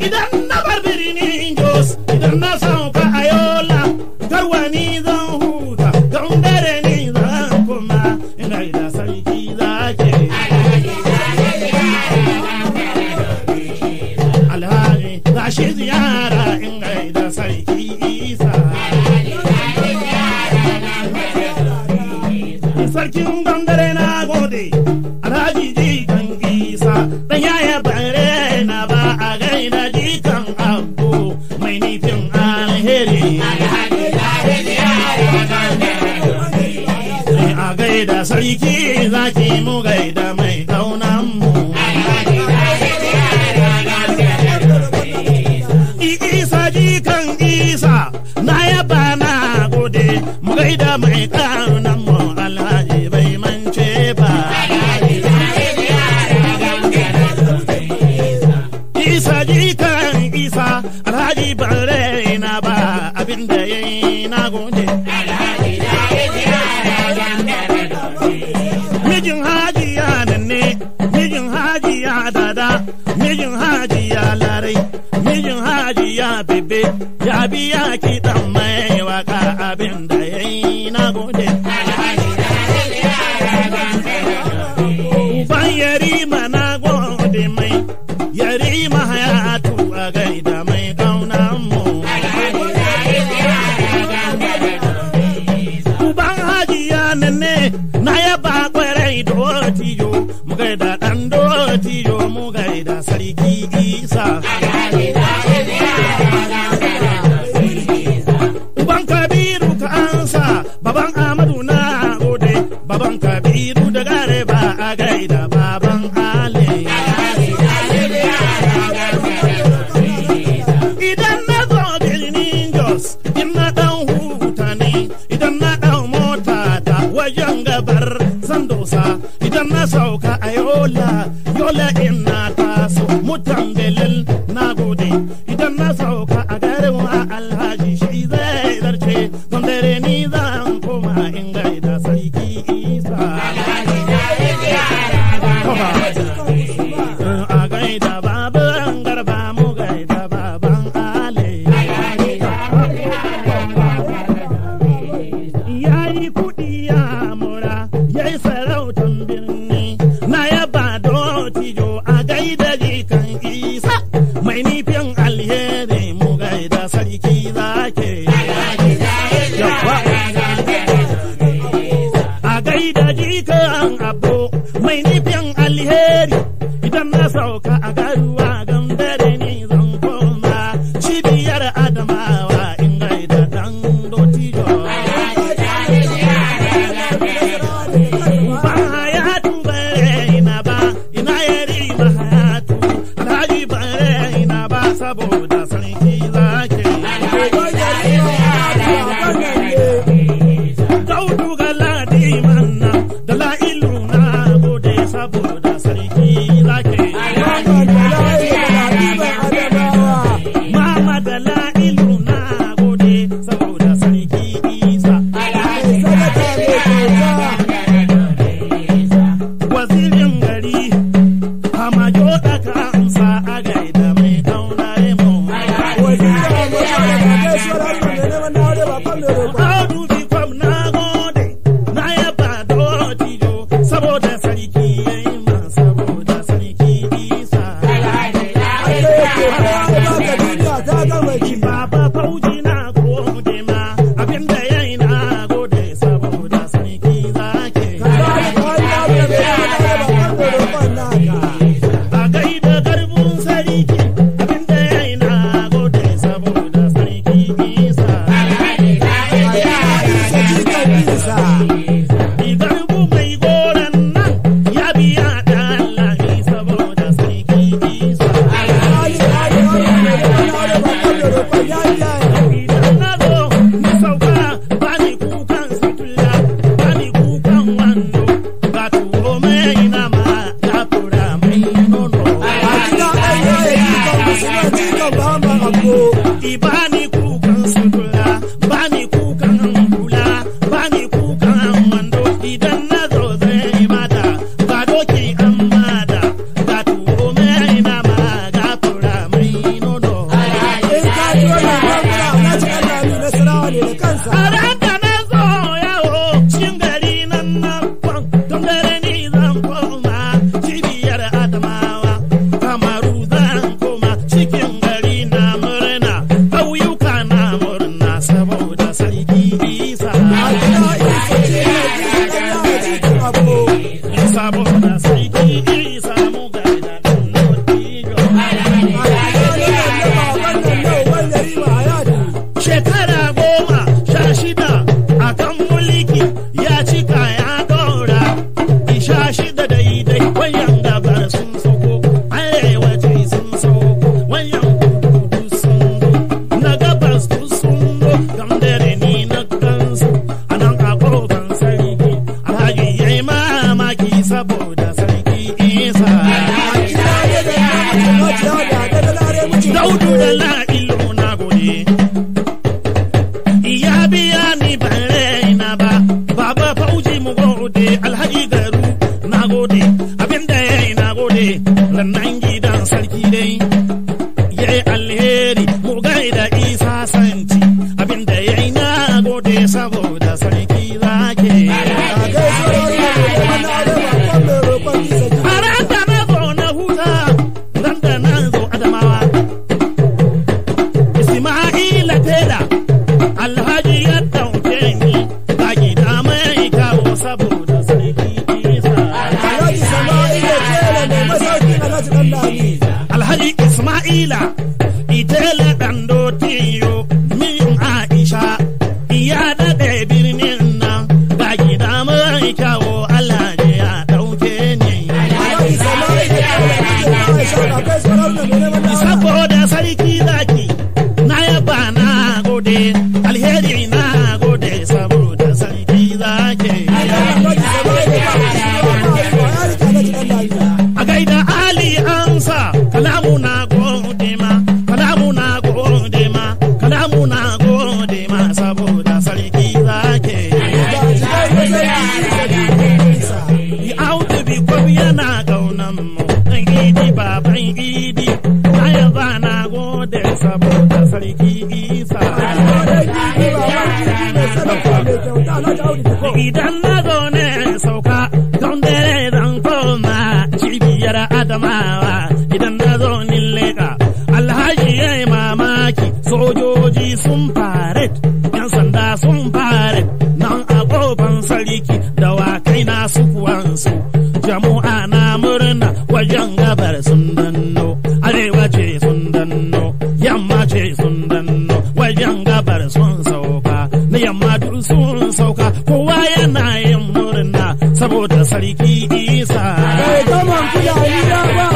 إذا نبر بريني 再见。na gode idan na sauka a garin wa alhaji shi zai zarce gwamnare ni zan koma in gaida sarki isa alhaji na yi ziyara a gaida baban garba mu gaida baban ale ya yi kuɗi ya mura ya yi sarautun birni na yaba dotijo a gaida jika allí que saboda sarki isa daudu da done sarki isa. Kai kaman ba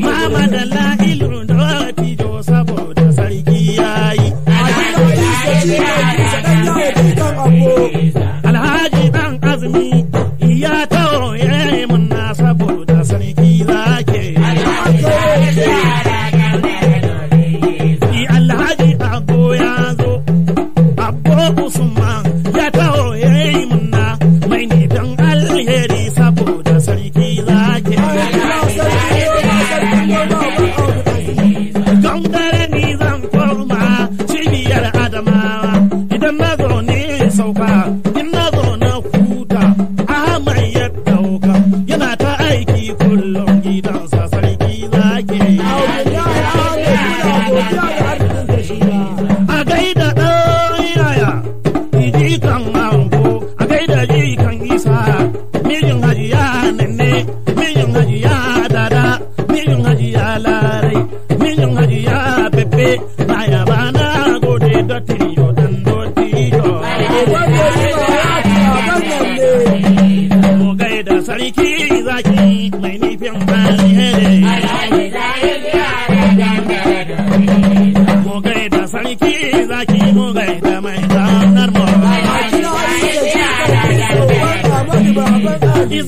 Mama da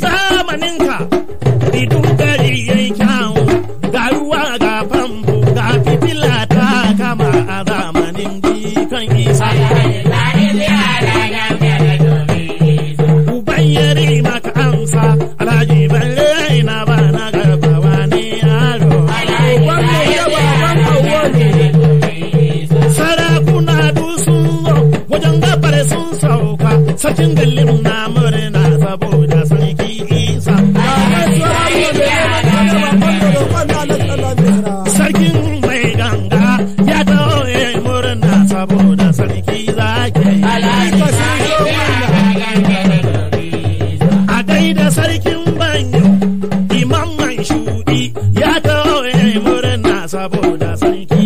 zamanin sarkin gallin na murna saboda sarki isa sarkin mai ganga ya tawaye murna saboda sarki zaki a gaida sarkin banyo imam mai shudi ya tawaye murna saboda sarki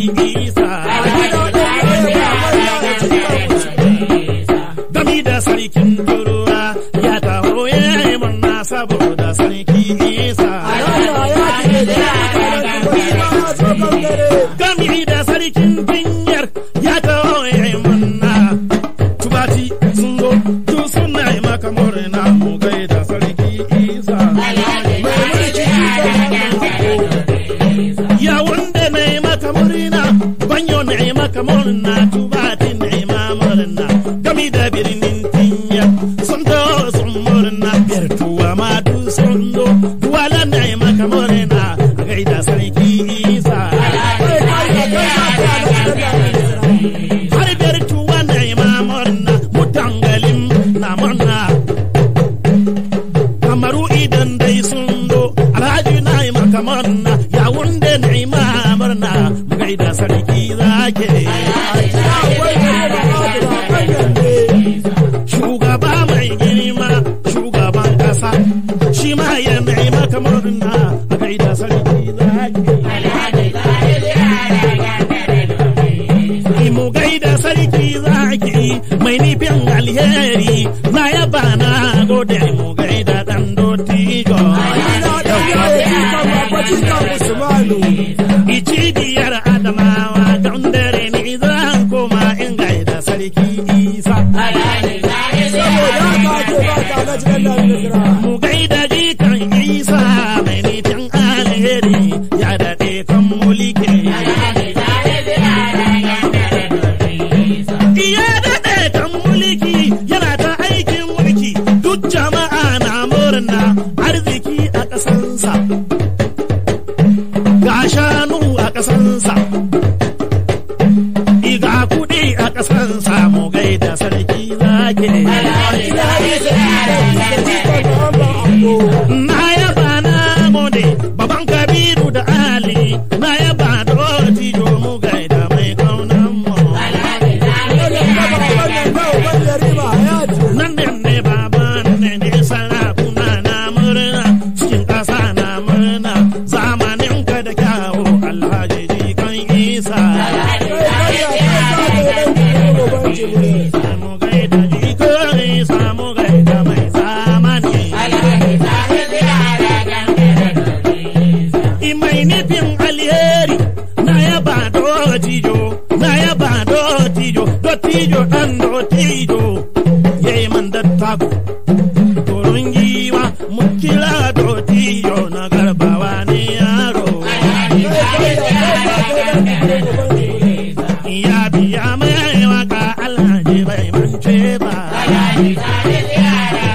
tonight. digiri mai nufin alheri na yaba na gode mu